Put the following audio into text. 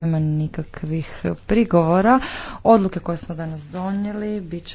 nema nikakvih prigovora. Odluke koje smo danas donijeli bit će